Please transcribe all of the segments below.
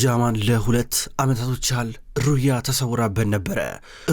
ያማን ለሁለት ዓመታቶች ያህል ሩያ ተሰውራበት ነበረ።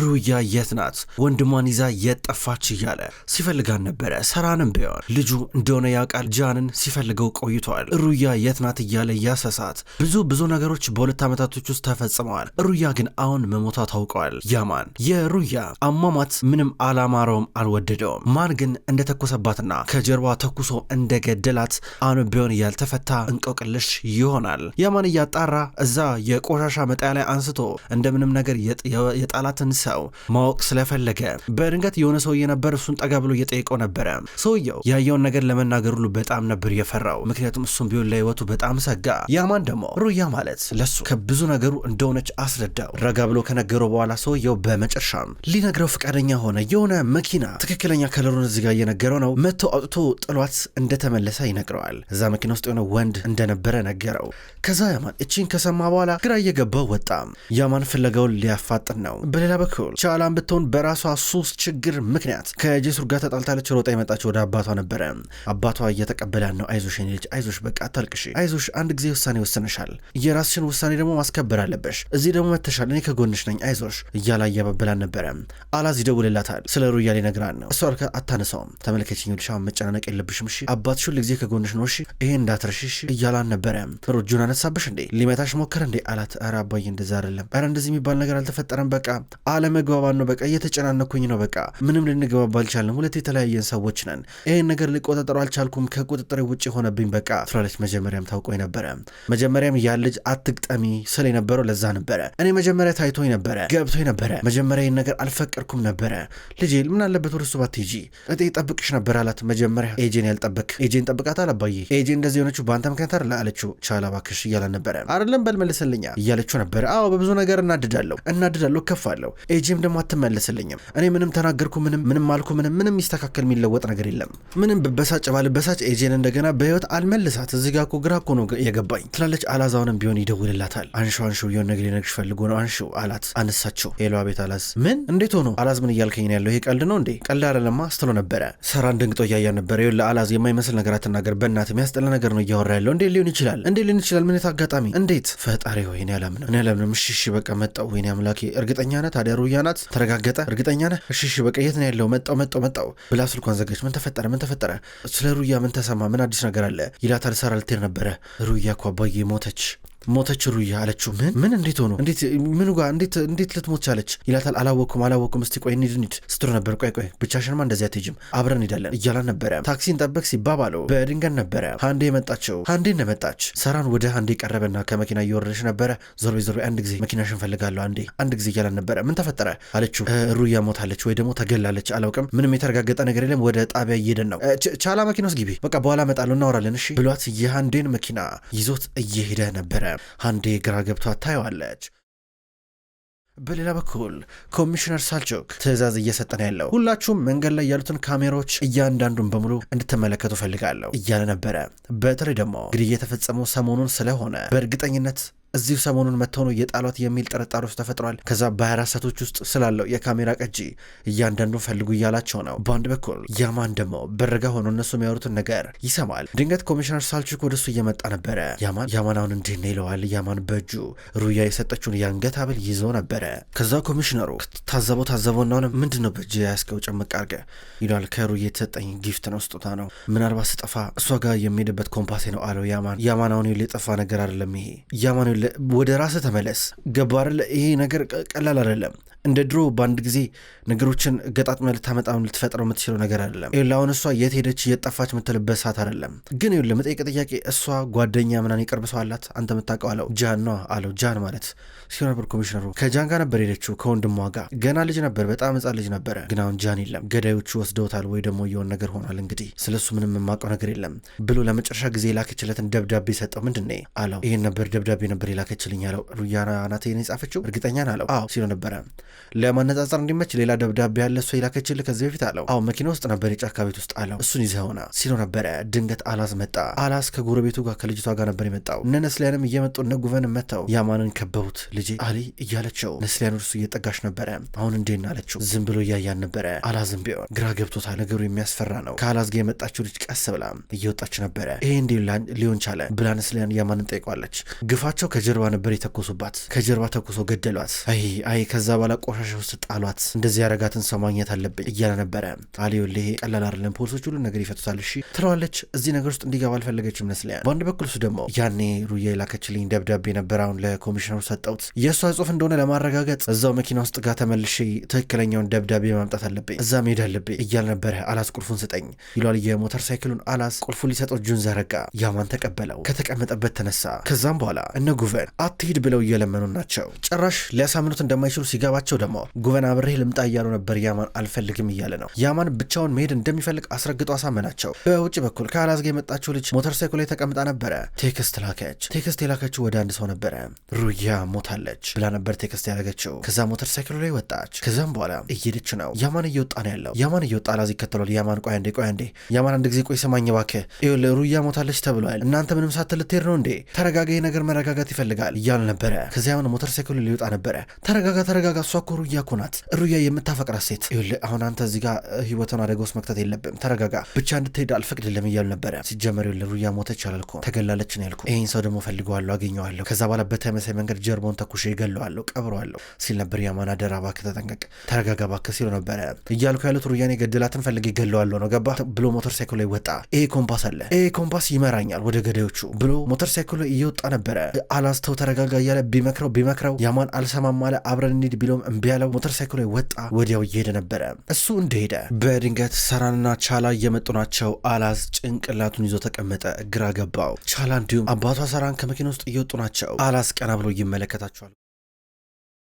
ሩያ የት ናት? ወንድሟን ይዛ የት ጠፋች? እያለ ሲፈልጋን ነበረ። ሰራንም ቢሆን ልጁ እንደሆነ ያውቃል። ጃንን ሲፈልገው ቆይቷል። ሩያ የት ናት እያለ ያሰሳት። ብዙ ብዙ ነገሮች በሁለት ዓመታቶች ውስጥ ተፈጽመዋል። ሩያ ግን አሁን መሞቷ ታውቀዋል። ያማን የሩያ አሟሟት ምንም አላማረውም፣ አልወደደውም። ማን ግን እንደተኮሰባትና ከጀርባ ተኩሶ እንደገደላት አሁን ቢሆን ያልተፈታ እንቆቅልሽ ይሆናል። ያማን እያጣራ እዛ የቆሻሻ መጣያ ላይ አንስቶ እንደምንም ነገር የጣላትን ሰው ማወቅ ስለፈለገ በድንገት የሆነ ሰውዬ ነበር። እሱን ጠጋ ብሎ እየጠየቀው ነበረ። ሰውየው ያየውን ነገር ለመናገር ሁሉ በጣም ነበር የፈራው። ምክንያቱም እሱም ቢሆን ለህይወቱ በጣም ሰጋ። ያማን ደግሞ ሩያ ማለት ለሱ ከብዙ ነገሩ እንደሆነች አስረዳው። ረጋ ብሎ ከነገረው በኋላ ሰውየው በመጨረሻም ሊነግረው ፈቃደኛ ሆነ። የሆነ መኪና ትክክለኛ ከለሩን እዚጋ እየነገረው ነው። መጥቶ አውጥቶ ጥሏት እንደተመለሰ ይነግረዋል። እዛ መኪና ውስጥ የሆነ ወንድ እንደነበረ ነገረው። ከዛ ያማን እቺን ከሰማ በኋላ ግራ እየገባው ወጣም። ያማን ዓላማን ፍለጋውን ሊያፋጥን ነው። በሌላ በኩል ቻላን ብትሆን በራሷ ሱስ ችግር ምክንያት ከጄሱር ጋር ተጣልታለች። ሮጣ የመጣችው ወደ አባቷ ነበረ። አባቷ እየተቀበላን ነው። አይዞሽ የኔ ልጅ አይዞሽ፣ በቃ አታልቅሽ፣ አይዞሽ አንድ ጊዜ ውሳኔ ወስነሻል፣ የራስሽን ውሳኔ ደግሞ ማስከበር አለበሽ። እዚህ ደግሞ መተሻል፣ እኔ ከጎንሽ ነኝ፣ አይዞሽ እያላ እያባበላን ነበረ። አላዝ ይደውልላታል። ስለ ሩያ ሊነግራን ነው። እሷ አልከ አታነሳውም። ተመልከችኝ፣ ልሻ መጨናነቅ የለብሽም እሺ፣ አባትሽ ሁል ጊዜ ከጎንሽ ነው እሺ፣ ይሄ እንዳትረሽሽ እያላን ነበረ። ሮጁን አነሳብሽ እንዴ? ሊመታሽ ሞከረ እንዴ? አላት። ኧረ አባዬ እንደዛ አይደለም እንደዚህ የሚባል ነገር አልተፈጠረም። በቃ አለመግባባት ነው። በቃ እየተጨናነኩኝ ነው። በቃ ምንም ልንግባባ አልቻልንም። ሁለት የተለያየን ሰዎች ነን። ይህን ነገር ልቆጣጠሩ አልቻልኩም። ከቁጥጥር ውጭ የሆነብኝ በቃ ትላለች። መጀመሪያም ታውቆኝ ነበረ። መጀመሪያም ያ ልጅ አትግጠሚ ስለ የነበረው ለዛ ነበረ። እኔ መጀመሪያ ታይቶኝ ነበረ፣ ገብቶኝ ነበረ። መጀመሪያ ይህን ነገር አልፈቀድኩም ነበረ። ልጄ ምን አለበት ወደ እሱ ባትሄጂ እጤ ጠብቅሽ ነበር አላት። መጀመሪያ ኤጄን ያልጠበቅ ኤጄን ጠብቃት አላባዬ ኤጄ እንደዚህ የሆነችው በአንተ ምክንያት አለ አለችው። ቻላ እባክሽ እያለ ነበረ አይደለም በል መልስልኛ እያለችው ነበረ። አዎ በብዙ ነገር ነገር እናድዳለሁ እናድዳለሁ ከፋለሁ። ኤጂም ደግሞ አትመለስልኝም። እኔ ምንም ተናገርኩ ምንም ምንም አልኩ ምንም ምንም ይስተካከል የሚለወጥ ነገር የለም። ምንም ብበሳጭ ባልበሳጭ ኤጂን እንደገና በህይወት አልመልሳት። እዚህ ጋር እኮ ግራ እኮ ነው የገባኝ ትላለች። አላዛውንም ቢሆን ይደውልላታል። አንሹ አንሹ የሆነ ነገር ሊነግርሽ ፈልጎ ነው አንሹ አላት። አነሳቸው። ሄሎ ቤት አላዝ ምን እንዴት ሆኖ አላዝ ምን እያልከኝ ነው ያለው? ይሄ ቀልድ ነው እንዴ? ቀልድ አይደለማ ስትሎ ነበረ። ሰራን ደንግጦ እያያ ነበረ። ይኸውልህ ለአላዝ የማይመስል ነገር አትናገር፣ በእናት የሚያስጠላ ነገር ነው እያወራ ያለው። እንዴት ሊሆን ይችላል? እንዴት ሊሆን ይችላል? ምን አጋጣሚ እንዴት? ፈጣሪ ሆይ እኔ አላምንም፣ እኔ አላምንም። እሺ እሺ በቃ በቃ መጣው። ወይኔ አምላኬ! እርግጠኛ ነህ ታዲያ? ሩያ ናት? ተረጋገጠ? እርግጠኛ ነህ? እሺ እሺ፣ በቃ የት ነው ያለው? መጣው መጣው መጣው ብላ ስልኳን ዘጋች። ምን ተፈጠረ? ምን ተፈጠረ? ስለ ሩያ ምን ተሰማ? ምን አዲስ ነገር አለ? ይላታል። ሳራ ልትሄድ ነበረ። ሩያ እኮ አባዬ ሞተች ሞተች ሩያ አለችው። ምን ምን እንዴት ሆኖ እንዴት ምን ጋ እንዴት እንዴት ልትሞት ቻለች ይላታል። አላወቅኩም አላወቅኩም፣ እስቲ ቆይ እንሂድ እንሂድ ስትሮ ነበር። ቆይ ቆይ ብቻሽንማ እንደዚህ አትሄጂም፣ አብረን እንሄዳለን እያላን ነበረ። ታክሲን ጠበቅ ሲባባለው በድንገት ነበረ ሀንዴ የመጣቸው። ሀንዴ እንደመጣች ሰራን ወደ ሀንዴ ቀረበና ከመኪና እየወረደች ነበረ። ዞር በይ ዞር በይ፣ አንድ ጊዜ መኪናሽን ፈልጋለሁ አንዴ አንድ ጊዜ እያላን ነበረ። ምን ተፈጠረ አለችው። ሩያ ሞታለች ወይ ደግሞ ተገላለች አላውቅም፣ ምንም የተረጋገጠ ነገር የለም። ወደ ጣቢያ እየሄደን ነው። ቻላ መኪና ውስጥ ግቢ፣ በቃ በኋላ እመጣለሁ እናወራለን እሺ ብሏት የሀንዴን መኪና ይዞት እየሄደ ነበረ። አንዴ ግራ ገብቶ አታየዋለች። በሌላ በኩል ኮሚሽነር ሳልቾክ ትዕዛዝ እየሰጠን ያለው ሁላችሁም መንገድ ላይ ያሉትን ካሜራዎች እያንዳንዱን በሙሉ እንድትመለከቱ ፈልጋለሁ እያለ ነበረ። በተለይ ደግሞ እንግዲህ የተፈጸመው ሰሞኑን ስለሆነ በእርግጠኝነት እዚሁ ሰሞኑን መጥተው ነው እየጣሏት የሚል ጥርጣሮች ተፈጥሯል። ከዛ ሰቶች ውስጥ ስላለው የካሜራ ቀጂ እያንዳንዱን ፈልጉ እያላቸው ነው። በአንድ በኩል ያማን ደግሞ በረጋ ሆኖ እነሱ የሚያወሩትን ነገር ይሰማል። ድንገት ኮሚሽነር ሳልችክ ወደ ወደሱ እየመጣ ነበረ። ያማን ያማን አሁን እንዲህ ነው ይለዋል። ያማን በእጁ ሩያ የሰጠችውን የአንገት ሀብል ይዞ ነበረ። ከዛ ኮሚሽነሩ ታዘበው ታዘበው እናሆነ ምንድን ነው በእጅ ያስገው ጭምቅ አርገ ይሏል። ከሩያ የተሰጠኝ ጊፍት ነው ስጦታ ነው። ምናልባት ስጠፋ እሷ ጋር የሚሄድበት ኮምፓሴ ነው አለው ያማን። ያማን አሁን የጠፋ ነገር አይደለም ይሄ ያማን ወደ ራስህ ተመለስ። ገባር ይሄ ነገር ቀላል አይደለም። እንደ ድሮ በአንድ ጊዜ ነገሮችን ገጣጥመ ልታመጣም ልትፈጥረው የምትችለው ነገር አይደለም። አሁን እሷ የት ሄደች የት ጠፋች የምትልበት ሰዓት አይደለም። ግን ለመጠየቅ ጥያቄ እሷ ጓደኛ ምናን የቅርብ ሰው አላት አንተ የምታውቀው አለው። ጃን ነዋ አለው። ጃን ማለት ሲሆን ነበር ኮሚሽነሩ። ከጃን ጋር ነበር ሄደችው ከወንድሟ ጋር። ገና ልጅ ነበር፣ በጣም ህጻን ልጅ ነበረ። ግን አሁን ጃን የለም፣ ገዳዮቹ ወስደውታል ወይ ደግሞ የሆን ነገር ሆኗል። እንግዲህ ስለሱ ምንም የማውቀው ነገር የለም ብሎ ለመጨረሻ ጊዜ የላከችለትን ደብዳቤ ሰጠው። ምንድን አለው። ይህን ነበር ደብዳቤ ነበር የላከችልኝ አለው። ሩያና ናት የጻፈችው እርግጠኛን አለው። አዎ ሲሎ ነበረ ለማነጻጸር እንዲመች ሌላ ደብዳቤ ያለ እሷ የላከችልህ ከዚህ በፊት አለው። አዎ መኪና ውስጥ ነበር፣ የጫካ ቤት ውስጥ አለው። እሱን ይዘህ ሆና ሲሎ ነበረ። ድንገት አላዝ መጣ። አላዝ ከጎረቤቱ ጋር ከልጅቷ ጋር ነበር የመጣው። እነ ነስሊያንም እየመጡ እነ ጉቨንም መጥተው ያማንን ከበቡት። ልጄ አሊ እያለችው ነስሊያን እርሱ እየጠጋች ነበረ። አሁን እንዴና አለችው። ዝም ብሎ እያያን ነበረ። አላዝም ቢሆን ግራ ገብቶታል። ነገሩ የሚያስፈራ ነው። ከአላዝ ጋር የመጣችው ልጅ ቀስ ብላ እየወጣች ነበረ። ይሄ እንዲ ሊሆን ቻለ ብላ ነስሊያን ያማንን ጠይቋለች። ግፋቸው ከጀርባ ነበር የተኮሱባት። ከጀርባ ተኩሶ ገደሏት። አይ አይ ከዛ በኋላ ቆሻሻ ውስጥ ጣሏት፣ እንደዚህ ያረጋትን ሰው ማግኘት አለብኝ እያለ ነበረ። አሊዮሌ ቀላል አይደለም፣ ፖሊሶች ሁሉ ነገር ይፈቱታል እሺ ትለዋለች። እዚህ ነገር ውስጥ እንዲገባ አልፈለገችም ይመስለኛል። በአንድ በኩል እሱ ደግሞ ያኔ ሩያ የላከችልኝ ደብዳቤ ነበር፣ አሁን ለኮሚሽነሩ ሰጠውት። የእሷ ጽሁፍ እንደሆነ ለማረጋገጥ እዛው መኪና ውስጥ ጋር ተመልሼ ትክክለኛውን ደብዳቤ ማምጣት አለብኝ፣ እዛ መሄድ አለብኝ እያለ ነበረ። አላስ ቁልፉን ስጠኝ ይሏል የሞተር ሳይክሉን። አላስ ቁልፉን ሊሰጠው እጁን ዘረጋ። ያማን ተቀበለው፣ ከተቀመጠበት ተነሳ። ከዛም በኋላ እነ ጉቨን አትሂድ ብለው እየለመኑ ናቸው። ጭራሽ ሊያሳምኑት እንደማይችሉ ሲገባቸው ሲጠራቸው ደግሞ ጉቨን አብሬ ልምጣ እያሉ ነበር። ያማን አልፈልግም እያለ ነው። ያማን ብቻውን መሄድ እንደሚፈልግ አስረግጦ አሳመናቸው። በውጭ በኩል ከአላዝጋ የመጣችው ልጅ ሞተርሳይክል ላይ ተቀምጣ ነበረ። ቴክስት ላከች። ቴክስት የላከችው ወደ አንድ ሰው ነበረ። ሩያ ሞታለች ብላ ነበር ቴክስት ያደረገችው። ከዛ ሞተርሳይክሉ ላይ ወጣች። ከዛም በኋላ እየሄደች ነው። ያማን እየወጣ ነው ያለው። ያማን እየወጣ አላዝ ይከተሏል። ያማን ቆይ አንዴ ቆይ አንዴ ያማን አንድ ጊዜ ቆይ ስማኝ እባክህ፣ ሩያ ሞታለች ተብሏል። እናንተ ምንም ሳትል ልትሄድ ነው እንዴ? ተረጋጋ፣ ነገር መረጋጋት ይፈልጋል እያሉ ነበረ። ከዚያ ያማን ሞተርሳይክሉ ሊወጣ ነበረ። ተረጋጋ ተረጋጋ፣ እሷ እኮ ሩያ እኮ ናት፣ ሩያ የምታፈቅራት ሴት። ይኸውልህ አሁን አንተ እዚህ ጋር ህይወትን አደጋ ውስጥ መክተት የለብም። ተረጋጋ፣ ብቻ እንድትሄድ አልፈቅድልም እያሉ ነበረ። ሲጀመር ይኸውልህ ሩያ ሞተች አላልኩም፣ ተገላለች ነው ያልኩህ። ይህን ሰው ደግሞ ፈልገዋለሁ፣ አገኘዋለሁ፣ ከዛ በኋላ በተመሳይ መንገድ ጀርባውን ተኩሼ ይገለዋለሁ፣ ቀብረዋለሁ ሲል ነበር። ያማን አደራ እባክህ ተጠንቀቅ፣ ተረጋጋ እባክህ ሲሉ ነበረ። እያልኩ ያሉት ሩያን የገደላትን ፈልጌ ይገለዋለሁ ነው ገባ ብሎ ሞተር ሳይክል ላይ ወጣ። ይሄ ኮምፓስ አለ፣ ይሄ ኮምፓስ ይመራኛል ወደ ገዳዮቹ ብሎ ሞተር ሳይክል ላይ እየወጣ ነበረ። አላስተው ተረጋጋ እያለ ቢመክረው ቢመክረው ያማን አልሰማም አለ። አብረን እንሂድ ቢለውም እምቢ ያለው ሞተር ሳይክሎ ወጣ። ወዲያው እየሄደ ነበረ። እሱ እንደሄደ በድንገት ሰራንና ቻላ እየመጡ ናቸው። አላዝ ጭንቅላቱን ይዞ ተቀመጠ። ግራ ገባው። ቻላ እንዲሁም አባቷ ሰራን ከመኪና ውስጥ እየወጡ ናቸው። አላዝ ቀና ብሎ ይመለከታቸዋል።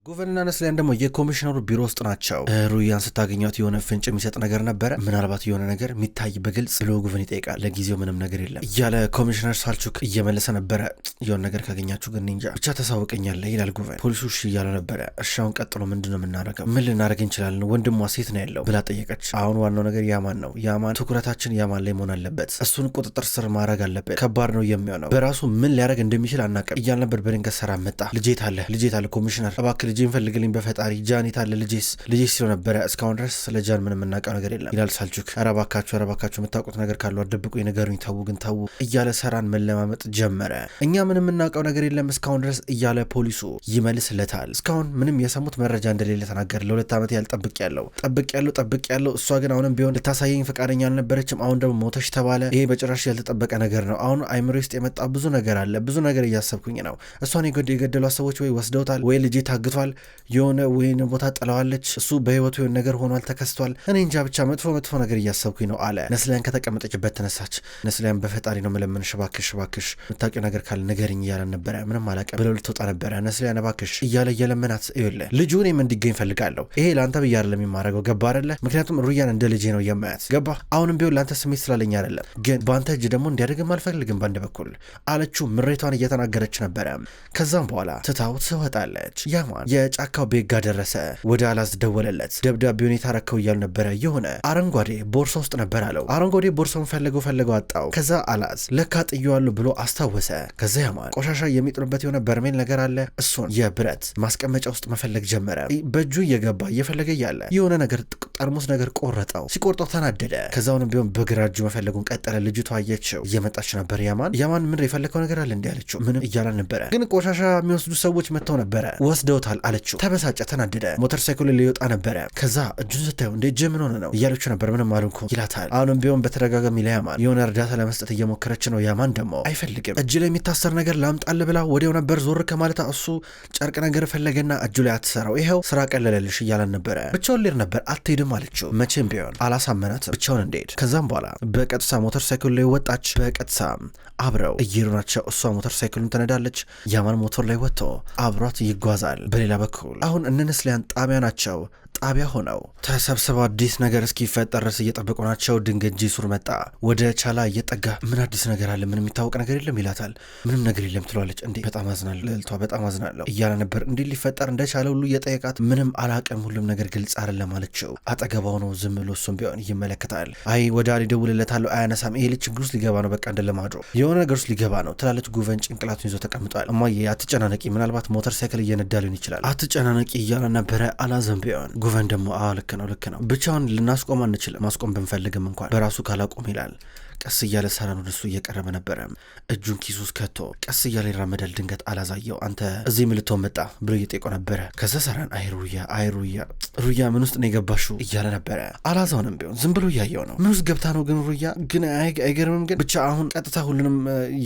ጉቨንና ስላይን ደግሞ የኮሚሽነሩ ቢሮ ውስጥ ናቸው። ሩያን ስታገኛት የሆነ ፍንጭ የሚሰጥ ነገር ነበረ። ምናልባት የሆነ ነገር የሚታይ በግልጽ ብሎ ጉቨን ይጠይቃል። ለጊዜው ምንም ነገር የለም እያለ ኮሚሽነር ሳልቹክ እየመለሰ ነበረ። የሆነ ነገር ካገኛችሁ ግን እንጃ ብቻ ተሳውቀኛለ ይላል ጉቨን። ፖሊሱ እሺ እያለ ነበረ። እርሻውን ቀጥሎ ምንድን ነው የምናደርገው? ምን ልናደርግ እንችላለን? ወንድሟ ሴት ነው ያለው ብላ ጠየቀች። አሁን ዋናው ነገር ያማን ነው። ያማን ትኩረታችን ያማን ላይ መሆን አለበት። እሱን ቁጥጥር ስር ማድረግ አለበት ከባድ ነው የሚሆነው። በራሱ ምን ሊያደርግ እንደሚችል አናውቅም እያል ነበር። በድንገት ሰራ መጣ። ልጄት አለ ልጄት አለ ኮሚሽነር እባክህ ልጄን ፈልግልኝ በፈጣሪ ጃን የታለ ልጄስ ልጄስ ሲለው ነበረ። እስካሁን ድረስ ስለ ጃን ምንም የምናውቀው ነገር የለም ይላል ሳልቹክ። ኧረ እባካችሁ ኧረ እባካችሁ የምታውቁት ነገር ካሉ አደብቁ ንገሩኝ፣ ተዉ ግን ተዉ እያለ ሰራን መለማመጥ ጀመረ። እኛ ምንም የምናውቀው ነገር የለም እስካሁን ድረስ እያለ ፖሊሱ ይመልስለታል። እስካሁን ምንም የሰሙት መረጃ እንደሌለ ተናገር። ለሁለት ዓመት ያህል ጠብቅ ያለው ጠብቅ ያለው ጠብቅ ያለው እሷ ግን አሁንም ቢሆን ልታሳየኝ ፈቃደኛ አልነበረችም። አሁን ደግሞ ሞተሽ ተባለ። ይሄ በጭራሽ ያልተጠበቀ ነገር ነው። አሁን አይምሮ ውስጥ የመጣ ብዙ ነገር አለ። ብዙ ነገር እያሰብኩኝ ነው። እሷን የገደሏት ሰዎች ወይ ወስደውታል ወይ ልጄ ታግቷል ተገኝቷል። የሆነ ወይን ቦታ ጥለዋለች፣ እሱ በህይወቱ የሆነ ነገር ሆኗል ተከስቷል፣ እኔ እንጃ ብቻ መጥፎ መጥፎ ነገር እያሰብኩኝ ነው አለ። ነስሊያን ከተቀመጠችበት ተነሳች። ነስሊያን በፈጣሪ ነው መለመን፣ እባክሽ እባክሽ የምታውቂው ነገር ካለ ንገሪኝ እያለን ነበረ። ምንም አላውቅም ብለው ልትወጣ ነበረ። ነስሊያን እባክሽ እያለ እየለመናት ይለ ልጁ እኔም እንዲገኝ ፈልጋለሁ። ይሄ ለአንተ ብዬ አይደለም የማደርገው ገባ አይደለ? ምክንያቱም ሩያን እንደ ልጄ ነው የማያት ገባ። አሁንም ቢሆን ለአንተ ስሜት ስላለኝ አይደለም፣ ግን በአንተ እጅ ደግሞ እንዲያደግም አልፈልግም በአንድ በኩል አለችው። ምሬቷን እየተናገረች ነበረ። ከዛም በኋላ ትታው ትወጣለች። ያማን የጫካው ቤጋ ደረሰ። ወደ አላዝ ደወለለት። ደብዳቤውን የታረከው እያሉ ነበረ። የሆነ አረንጓዴ ቦርሳ ውስጥ ነበር አለው። አረንጓዴ ቦርሳውን ፈለገው ፈለገው አጣው። ከዛ አላዝ ለካ ጥየዋለሁ ብሎ አስታወሰ። ከዛ ያማል ቆሻሻ የሚጥሉበት የሆነ በርሜል ነገር አለ። እሱን የብረት ማስቀመጫ ውስጥ መፈለግ ጀመረ። በእጁ እየገባ እየፈለገ እያለ የሆነ ነገር ጠርሙስ ነገር ቆረጠው። ሲቆርጠው ተናደደ። ከዛውንም ቢሆን በግራ እጁ መፈለጉን ቀጠለ። ልጅቷ አየችው፣ እየመጣች ነበር። ያማን ያማን ምን የፈለገው ነገር አለ እንዲ አለችው። ምንም እያላን ነበረ፣ ግን ቆሻሻ የሚወስዱ ሰዎች መጥተው ነበረ፣ ወስደውታል ይሆናል አለችው። ተበሳጨ፣ ተናደደ። ሞተር ሳይክሉ ሊወጣ ነበረ። ከዛ እጁን ስታየው እንደ እጅ ምን ሆነ ነው እያለችው ነበር። ምንም አልንኩ ይላታል። አሁንም ቢሆን በተደጋጋሚ ለያማን የሆነ እርዳታ ለመስጠት እየሞከረች ነው። ያማን ደግሞ አይፈልግም። እጅ ላይ የሚታሰር ነገር ላምጣል ብላ ወዲያው ነበር ዞር ከማለት እሱ ጨርቅ ነገር ፈለገና እጁ ላይ አትሰራው። ይኸው ስራ ቀለለልሽ እያለን ነበረ። ብቻውን ሌር ነበር አትሄድም አለችው። መቼም ቢሆን አላሳመናት ብቻውን እንዴድ። ከዛም በኋላ በቀጥታ ሞተር ሳይክሉ ላይ ወጣች። በቀጥታ አብረው እየሄዱ ናቸው። እሷ ሞተር ሳይክሉን ትነዳለች። ያማን ሞተር ላይ ወጥቶ አብሯት ይጓዛል። በሌላ በኩል አሁን እነ ነስሊያን ጣቢያ ናቸው ጣቢያ ሆነው ተሰብስበው አዲስ ነገር እስኪፈጠር ድረስ እየጠበቁ ናቸው። ድንገት ጂሱር መጣ። ወደ ቻላ እየጠጋ ምን አዲስ ነገር አለ? ምንም የሚታወቅ ነገር የለም ይላታል። ምንም ነገር የለም ትሏለች። እንዴ በጣም አዝናለሁ ልዕልቷ፣ በጣም አዝናለሁ እያለ ነበር። እንዴ ሊፈጠር እንደቻለ ሁሉ እየጠየቃት ምንም አላቅም፣ ሁሉም ነገር ግልጽ አይደለም አለችው። አጠገባው ነው ዝም ብሎ እሱም ቢሆን ይመለከታል። አይ ወደ አሊ ደውልለታለሁ፣ አያነሳም። ይሄ ልጅ ችግር ውስጥ ሊገባ ነው። በቃ እንደለማድሮ የሆነ ነገር ውስጥ ሊገባ ነው ትላለች። ጉቨን ጭንቅላቱን ይዞ ተቀምጧል። እማዬ አትጨናነቂ፣ ምናልባት ሞተር ሳይክል እየነዳ ሊሆን ይችላል፣ አትጨናነቂ እያለ ነበረ። አላዘም ቢሆን ጉቨን ደግሞ አዎ ልክ ነው ልክ ነው ብቻውን ልናስቆም አንችልም። ማስቆም ብንፈልግም እንኳን በራሱ ካላቆም ይላል ቀስ እያለ ሳራን ወደሱ እየቀረበ ነበረ። እጁን ኪሱ ውስጥ ከቶ ቀስ እያለ ይራመዳል። ድንገት አላዛየው አንተ እዚህ ምልቶ መጣ ብሎ እየጠቆ ነበረ። ከዛ ሳራን አይ ሩያ፣ አይ ሩያ፣ ሩያ ምን ውስጥ ነው የገባሹ እያለ ነበረ። አላዛውንም ቢሆን ዝም ብሎ እያየው ነው። ምን ውስጥ ገብታ ነው ግን ሩያ ግን አይገርምም ግን ብቻ አሁን ቀጥታ ሁሉንም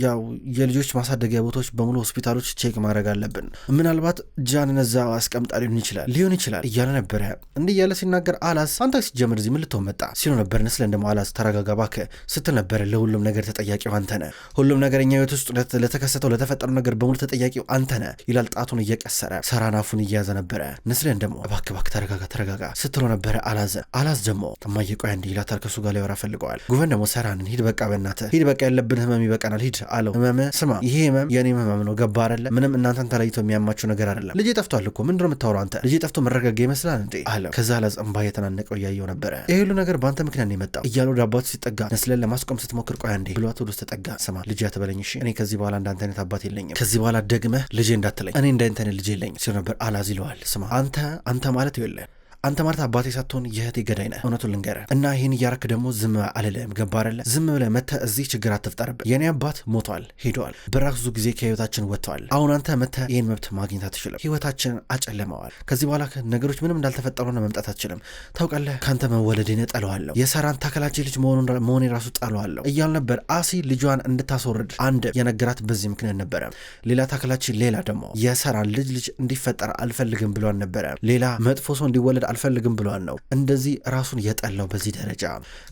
ያው የልጆች ማሳደጊያ ቦታዎች በሙሉ ሆስፒታሎች ቼክ ማድረግ አለብን። ምናልባት ጃን እዛ አስቀምጣ ሊሆን ይችላል ሊሆን ይችላል እያለ ነበረ። እንዲህ እያለ ሲናገር አላስ አንተ ሲጀምር እዚህ ምልቶ መጣ ሲሉ ነበር። ነስለን ደግሞ አላስ ተረጋጋ እባክህ ስትል ነበር። ለሁሉም ነገር ተጠያቂው አንተ ነ። ሁሉም ነገር እኛ ህይወት ውስጥ ለተከሰተው ለተፈጠረው ነገር በሙሉ ተጠያቂው አንተ ነ ይላል ጣቱን እየቀሰረ። ሰራን አፉን እየያዘ ነበረ። ነስሊሀን ደግሞ እባክህ እባክህ ተረጋጋ ተረጋጋ ስትሎ ነበረ። አላዘ አላዝ ደግሞ እማዬ ቆይ አንዴ ይላታል። ከሱ ጋር ሊያወራ ፈልገዋል። ጉቨን ደግሞ ሰራንን ሂድ በቃ በእናትህ ሂድ በቃ ያለብን ህመም ይበቃናል ሂድ አለው። ህመም ስማ ይሄ ህመም የእኔም ህመም ነው ገባ አለ። ምንም እናንተን ተለይቶ የሚያማችሁ ነገር አይደለም። ልጄ ጠፍቷል እኮ ምንድነው የምታወራው አንተ? ልጅ ጠፍቶ መረጋገ ይመስላል እንዴ አለው። ከዛ አላዝ እምባ የተናነቀው እያየው ነበረ። ይህ ሁሉ ነገር በአንተ ምክንያት ነው የመጣው እያለው ወደ አባቱ ሲጠጋ ነስለን ለማስቆ ልታስቆም ስትሞክር ቆያ እንዴ ብሏት ወደ ውስጥ ተጠጋ። ስማ ልጅ አትበለኝ እሺ፣ እኔ ከዚህ በኋላ እንዳንተ አይነት አባት የለኝም። ከዚህ በኋላ ደግመህ ልጄ እንዳትለኝ፣ እኔ እንዳንተ አይነት ልጅ የለኝም ሲል ነበር። አላዝ ይለዋል። ስማ አንተ አንተ ማለት ይወለን አንተ ማለት አባቴ ሳትሆን የእህቴ ገዳይ ነህ። እውነቱን ልንገርህ እና ይህን እያረክ ደግሞ ዝም አልልህም። ገባ አይደለ? ዝም ብለህ መተህ እዚህ ችግር አትፍጠርብን። የእኔ አባት ሞቷል፣ ሄደዋል፣ በራሱ ጊዜ ከህይወታችን ወጥተዋል። አሁን አንተ መተህ ይህን መብት ማግኘት አትችልም። ህይወታችን አጨለመዋል። ከዚህ በኋላ ነገሮች ምንም እንዳልተፈጠሩ ሆነ መምጣት አትችልም። ታውቃለህ፣ ከአንተ መወለዴን ጠለዋለሁ፣ የሰራን ታከላጭ ልጅ መሆኔ ራሱ ጠለዋለሁ እያሉ ነበር። አሲ ልጇን እንድታስወርድ አንድ የነገራት በዚህ ምክንያት ነበረ። ሌላ ታከላችን ሌላ ደግሞ የሰራን ልጅ ልጅ እንዲፈጠር አልፈልግም ብሏን ነበረ። ሌላ መጥፎ ሰው እንዲወለድ አልፈልግም ብሏል ነው እንደዚህ ራሱን የጠላው በዚህ ደረጃ።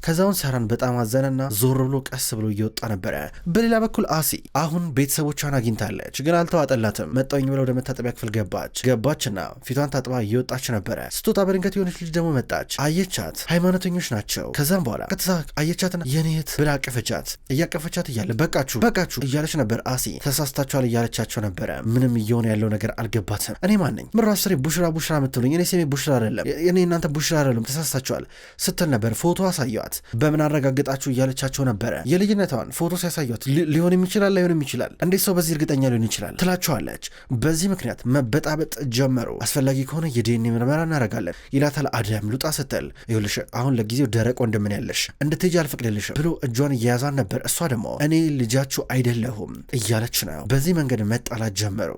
ከዛውን ሳራን በጣም አዘነና ዞር ብሎ ቀስ ብሎ እየወጣ ነበረ። በሌላ በኩል አሲ አሁን ቤተሰቦቿን አግኝታለች፣ ግን አልተዋጠላትም። አጠላትም መጣኝ ወደ መታጠቢያ ክፍል ገባች። ገባችና ፊቷን ታጥባ እየወጣች ነበረ። ስትወጣ በድንገት የሆነች ልጅ ደግሞ መጣች። አየቻት፣ ሃይማኖተኞች ናቸው። ከዛም በኋላ ቀጥታ አየቻትና የኔ እህት ብላ አቀፈቻት። እያቀፈቻት እያለ በቃችሁ በቃችሁ እያለች ነበር። አሲ ተሳስታችኋል እያለቻቸው ነበረ። ምንም እየሆነ ያለው ነገር አልገባትም። እኔ ማነኝ? ነኝ? ቡሽራ ቡሽራ የምትሉኝ? እኔ ስሜ ቡሽራ አይደለም እኔ እናንተ ቡሽር አይደለም ተሳስታችኋል ስትል ነበር። ፎቶ አሳየዋት በምን አረጋግጣችሁ እያለቻቸው ነበረ። የልጅነቷን ፎቶ ሲያሳዩት ሊሆንም ይችላል ላይሆንም ይችላል፣ እንዴት ሰው በዚህ እርግጠኛ ሊሆን ይችላል ትላቸዋለች። በዚህ ምክንያት መበጣበጥ ጀመሩ። አስፈላጊ ከሆነ የዲኤንኤ ምርመራ እናደርጋለን ይላታል። አዳም ልውጣ ስትል ይኸውልሽ አሁን ለጊዜው ደረቅ ወንድምን ያለሽ እንድትሄጂ አልፈቅድልሽም ብሎ እጇን እየያዛን ነበር። እሷ ደግሞ እኔ ልጃችሁ አይደለሁም እያለች ነው። በዚህ መንገድ መጣላት ጀመሩ።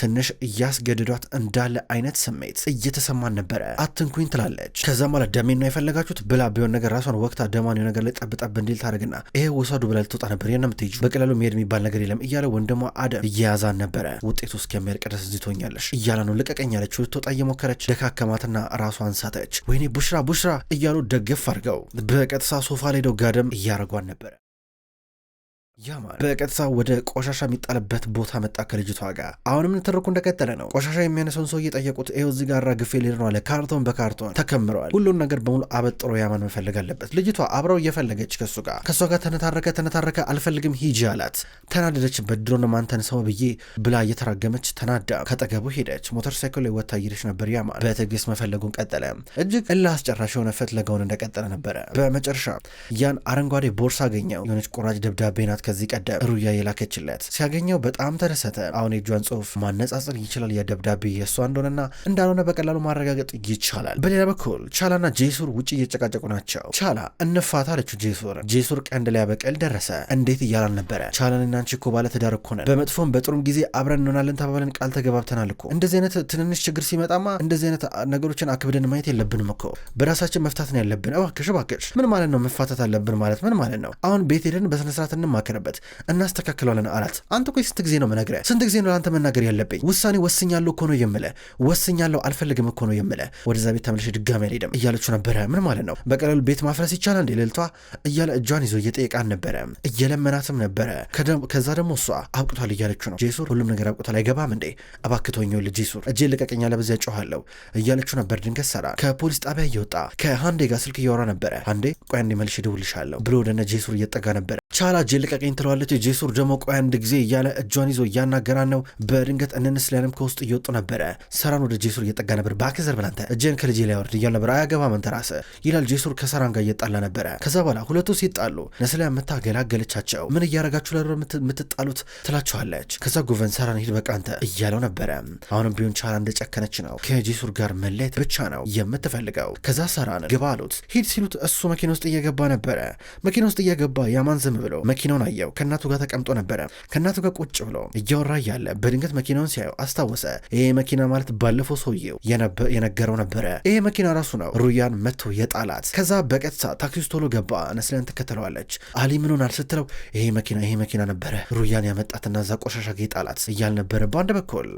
ትንሽ እያስገድዷት እንዳለ አይነት ስሜት እየተሰማን ነበረ። አትንኩኝ ትላለች። ከዛም ማለት ደሜን ነው የፈለጋችሁት ብላ ቢሆን ነገር ራሷን ወቅታ ደማን ነገር ላይ ጠብጠብ እንዲል ታደርግና ይሄ ውሰዱ ብላ ልትወጣ ነበር የነም ምትጁ በቀላሉ መሄድ የሚባል ነገር የለም እያለ ወንድሟ አደም እያያዛን ነበረ። ውጤቱ እስከሚያልቅ ድረስ እዚህ ትሆኛለሽ እያለ ነው ልቀቀኝ ያለችው። ልትወጣ እየሞከረች ደካከማትና ራሷን ሳተች። ወይኔ ቡሽራ ቡሽራ እያሉ ደግፍ አድርገው በቀጥሳ ሶፋ ላይ ሄደው ጋደም እያደረጓን ነበረ። ያማል በቀጥታ ወደ ቆሻሻ የሚጣልበት ቦታ መጣ ከልጅቷ ጋር። አሁንም ንትርኩ እንደቀጠለ ነው። ቆሻሻ የሚያነሰውን ሰው እየጠየቁት ይኸው እዚህ ጋር ግፌ ሌድ ነው አለ። ካርቶን በካርቶን ተከምረዋል። ሁሉን ነገር በሙሉ አበጥሮ ያማን መፈለግ አለበት። ልጅቷ አብረው እየፈለገች ከሱ ጋር ከእሷ ጋር ተነታረከ ተነታረከ፣ አልፈልግም ሂጂ አላት። ተናደደች። በድሮን ማንተን ሰው ብዬ ብላ እየተራገመች ተናዳ ከጠገቡ ሄደች። ሞተር ሳይክል ላይ ወታ እየሄደች ነበር። ያማን በትዕግስት መፈለጉን ቀጠለ። እጅግ እልህ አስጨራሽ የሆነ ፍለጋውን እንደቀጠለ ነበረ። በመጨረሻ ያን አረንጓዴ ቦርሳ አገኘው። የሆነች ቁራጭ ደብዳቤ ናት ከዚህ ቀደም ሩያ የላከችለት ሲያገኘው በጣም ተደሰተ። አሁን የእጇን ጽሁፍ ማነጻጸር ይችላል። የደብዳቤ የእሷ እንደሆነና እንዳልሆነ በቀላሉ ማረጋገጥ ይቻላል። በሌላ በኩል ቻላና ጄሱር ውጭ እየጨቃጨቁ ናቸው። ቻላ እንፋታ አለችው ጄሱር። ጄሱር ቀንድ ላይ ያበቀል ደረሰ። እንዴት እያላል ነበረ። ቻላን እናንቺ እኮ ባለ ትዳር እኮ ነን፣ በመጥፎም በጥሩም ጊዜ አብረን እንሆናለን ተባብለን ቃል ተገባብተናል እኮ። እንደዚህ አይነት ትንንሽ ችግር ሲመጣማ እንደዚህ አይነት ነገሮችን አክብደን ማየት የለብንም እኮ በራሳችን መፍታት ነው ያለብን። እባክሽ እባክሽ፣ ምን ማለት ነው መፋታት አለብን ማለት ምን ማለት ነው? አሁን ቤት ሄደን በስነስርዓት እንማክረው እንመስገንበት፣ እናስተካክለዋለን አላት። አንተ ቆይ ስንት ጊዜ ነው መነግረ ስንት ጊዜ ነው ለአንተ መናገር ያለብኝ? ውሳኔ ወስኛለሁ እኮ ነው የምለ ወስኛለሁ፣ አልፈልግም እኮ ነው የምለ ወደዛ ቤት ተመልሼ ድጋሚ አልሄድም እያለችው ነበረ። ምን ማለት ነው በቀላሉ ቤት ማፍረስ ይቻላል እንዴ ልልቷ እያለ እጇን ይዞ እየጠየቃን ነበረ፣ እየለመናትም ነበረ። ከዛ ደግሞ እሷ አብቅቷል እያለችው ነው። ጄሱር ሁሉም ነገር አብቅቷል አይገባም እንዴ ል ጄሱር እጄ ልቀቀኛ ለበዚያ ጮኋለሁ እያለችው ነበር። ድንገት ሰራ ከፖሊስ ጣቢያ እየወጣ ከሃንዴ ጋር ስልክ እያወራ ነበረ። ሃንዴ ቆይ አንዴ መልሼ እደውልልሻለሁ ብሎ ወደነ ጄሱር እየጠጋ ነበረ። ቻላ እጄ ልቀቀኝ ትለዋለች። ጄሱር ደግሞ ቆይ አንድ ጊዜ እያለ እጇን ይዞ እያናገራን ነው። በድንገት እንንስሊያንም ከውስጥ እየወጡ ነበረ። ሰራን ወደ ጄሱር እየጠጋ ነበር። ባከዘር ብላንተ እጄን ከልጄ ላይ አውርድ እያሉ ነበር። አያገባም አንተ ራስህ ይላል ጄሱር ከሰራን ጋር እየጣላ ነበረ። ከዛ በኋላ ሁለቱ ሲጣሉ ነስሊያን መታ ገላገለቻቸው። ምን እያረጋችሁ ለ የምትጣሉት ትላችኋለች። ከዛ ጉቨን ሰራን ሂድ በቃ አንተ እያለው ነበረ። አሁንም ቢሆን ቻላ እንደጨከነች ነው። ከጄሱር ጋር መለየት ብቻ ነው የምትፈልገው። ከዛ ሰራን ግባ አሉት። ሂድ ሲሉት እሱ መኪና ውስጥ እየገባ ነበረ። መኪና ውስጥ እየገባ ያማን ዝም ብሎ መኪናውን አየው። ከእናቱ ጋር ተቀምጦ ነበረ። ከእናቱ ጋር ቁጭ ብሎ እያወራ እያለ በድንገት መኪናውን ሲያየው አስታወሰ። ይሄ መኪና ማለት ባለፈው ሰውዬው የነገረው ነበረ። ይሄ መኪና ራሱ ነው ሩያን መቶ የጣላት። ከዛ በቀጥታ ታክሲውስጥ ቶሎ ገባ። ነስሊያን ትከተለዋለች። አሊ ምን ሆናል ስትለው ይሄ መኪና ይሄ መኪና ነበረ ሩያን ያመጣትና እዛ ቆሻሻ ጣላት እያል ነበረ። በአንድ በኩል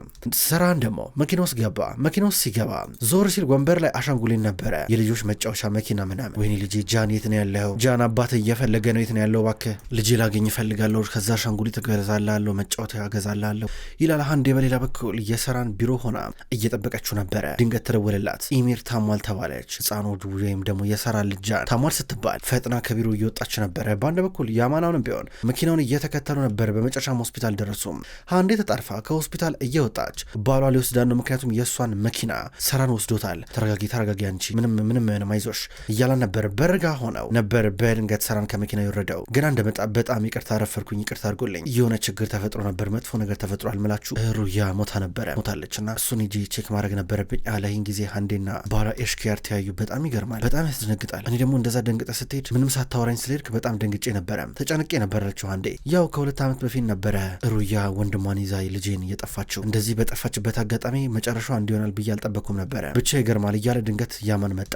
ሰራን ደግሞ መኪና ውስጥ ገባ። መኪና ውስጥ ሲገባ ዞር ሲል ወንበር ላይ አሻንጉሊን ነበረ የልጆች መጫወቻ መኪና ምናምን። ወይኔ ልጄ ጃን የት ነው ያለው? ጃን አባት እየፈለገ ነው። የት ነው ያለው? እባክህ ልጄ ላገኝ እፈልጋለሁ፣ ከዛ አሻንጉሊት እገዛላለሁ፣ መጫወቻ እገዛላለሁ ይላል። አንዴ በሌላ በኩል የሰራን ቢሮ ሆና እየጠበቀችው ነበረ። ድንገት ተደወለላት። ኢሚር ታሟል ተባለች። ህፃኑ ወይም ደግሞ የሰራን ልጅ ታሟል ስትባል ፈጥና ከቢሮ እየወጣች ነበረ። በአንድ በኩል ያማናውንም ቢሆን መኪናውን እየተከተሉ ነበር። በመጨረሻም ሆስፒታል ደረሱም። አንዴ ተጣርፋ ከሆስፒታል እየወጣች ባሏ ሊወስዳን ነው፣ ምክንያቱም የእሷን መኪና ሰራን ወስዶታል። ተረጋጊ ተረጋጊ፣ አንቺ ምንም ምንም አይዞሽ እያላን ነበር። በርጋ ሆነው ነበር። በድንገት ሰራን ከመኪና የወረደው ገና እንደ በጣም ይቅርታ ረፈርኩኝ፣ ይቅርታ አድርጎልኝ የሆነ ችግር ተፈጥሮ ነበር፣ መጥፎ ነገር ተፈጥሮ ምላችሁ ሩያ ሞታ ነበረ ሞታለች እና እሱን ሂጄ ቼክ ማድረግ ነበረብኝ አለይን ጊዜ ሀንዴና ባላ ኤሽኪያር ተያዩ። በጣም ይገርማል፣ በጣም ያስደነግጣል። እኔ ደግሞ እንደዛ ደንግጠ ስትሄድ ምንም ሳታወራኝ ስለሄድክ በጣም ደንግጬ ነበረ፣ ተጨንቄ ነበረችው። አንዴ ያው ከሁለት ዓመት በፊት ነበረ ሩያ ወንድሟን ይዛ ልጄን እየጠፋችው። እንደዚህ በጠፋችበት አጋጣሚ መጨረሻዋ እንዲሆናል ብዬ አልጠበኩም ነበረ። ብቻ ይገርማል እያለ ድንገት ያማን መጣ።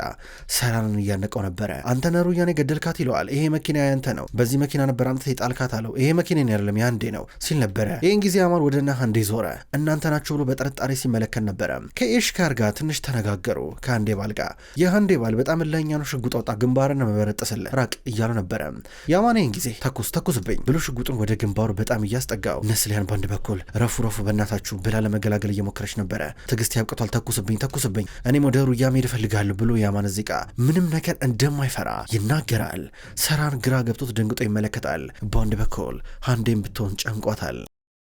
ሰራንን እያነቀው ነበረ። አንተነ ሩያን የገደልካት ይለዋል። ይሄ መኪና ያንተ ነው፣ በዚህ መኪና መኪና ነበር አምጥተ የጣልካት አለው። ይሄ መኪኔን አይደለም የአንዴ ነው ሲል ነበረ። ይህን ጊዜ አማር ወደ ናሃንዴ ዞረ። እናንተ ናችሁ ብሎ በጥርጣሬ ሲመለከት ነበረ። ከኤሽካር ጋር ትንሽ ተነጋገሩ። ከአንዴ ባል ጋር የአንዴ ባል በጣም እላኛ ነው። ሽጉጥ አውጣ ግንባርን መበረጥስለ ራቅ እያሉ ነበረ። ያማን ይህን ጊዜ ተኩስ ተኩስብኝ ብሎ ሽጉጡን ወደ ግንባሩ በጣም እያስጠጋው፣ ነስሊያን በአንድ በኩል ረፉ ረፉ በእናታችሁ ብላ ለመገላገል እየሞከረች ነበረ። ትዕግስት ያብቅቷል። ተኩስብኝ ተኩስብኝ፣ እኔም ወደ ሩያ መሄድ እፈልጋለሁ ብሎ ያማን እዚህ ጋ ምንም ነገር እንደማይፈራ ይናገራል። ሰራን ግራ ገብቶት ደንግጦ ይመለ ይመለከታል። በአንድ በኩል አንዴም ብትሆን ጨንቋታል።